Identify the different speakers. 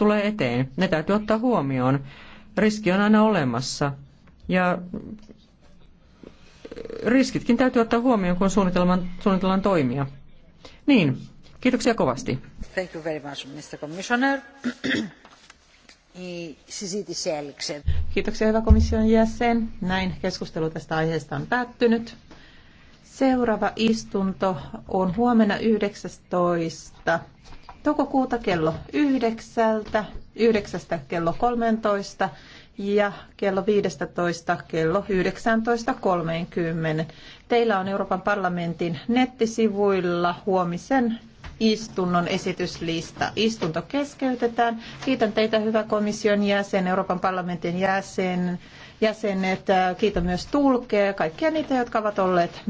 Speaker 1: tulee eteen. Ne täytyy ottaa huomioon. Riski on aina olemassa. Ja riskitkin täytyy ottaa huomioon, kun suunnitellaan, suunnitellaan toimia. Niin, kiitoksia kovasti.
Speaker 2: Thank you very much, Mr. Commissioner.
Speaker 3: Kiitoksia hyvä komission jäsen. Näin keskustelu tästä aiheesta on päättynyt. Seuraava istunto on huomenna 19 toukokuuta kello yhdeksältä, yhdeksästä kello 13 ja kello 15 kello 19.30. Teillä on Euroopan parlamentin nettisivuilla huomisen istunnon esityslista. Istunto keskeytetään. Kiitän teitä hyvä komission jäsen, Euroopan parlamentin jäsen, jäsenet. Kiitän myös tulkkeja, kaikkia niitä, jotka ovat olleet